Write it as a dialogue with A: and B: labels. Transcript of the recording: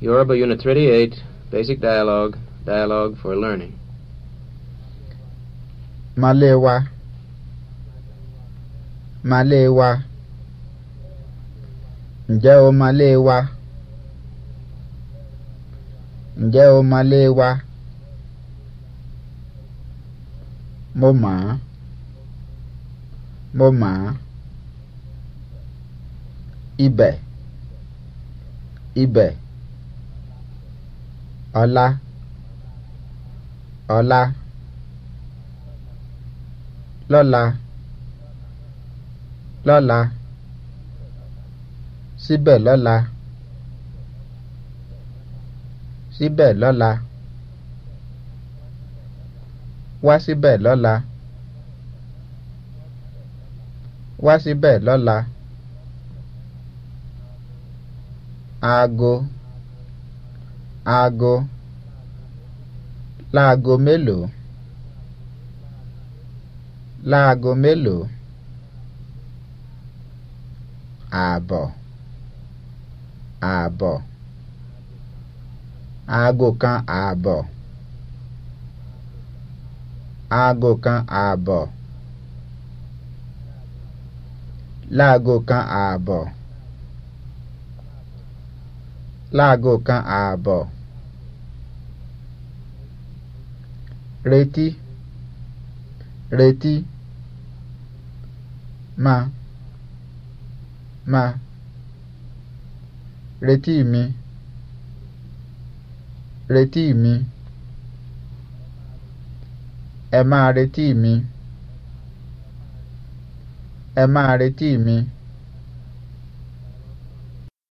A: Yoruba Unit 38, Basic Dialogue, Dialogue for Learning. Malewa. Malewa. Ǹjẹ́ o Malewa? Ǹjẹ́ o Malewa? Moma. Moma. ibe Ibẹ̀. ọlá ọlá lọ́la lọ́la síbẹ̀ lọ́la síbẹ̀ lọ́la wá síbẹ̀ lọ́la wá síbẹ̀ lọ́la aago. Aago. Láago mélòó? Láago mélòó? Ààbọ̀. Ààbọ̀. Aago kan ààbọ̀. Aago kan ààbọ̀. Láago kan ààbọ̀. Láago kan ààbọ̀. retí retí ma ma retí mi retí mi ẹ máa retí mi ẹ máa retí mi.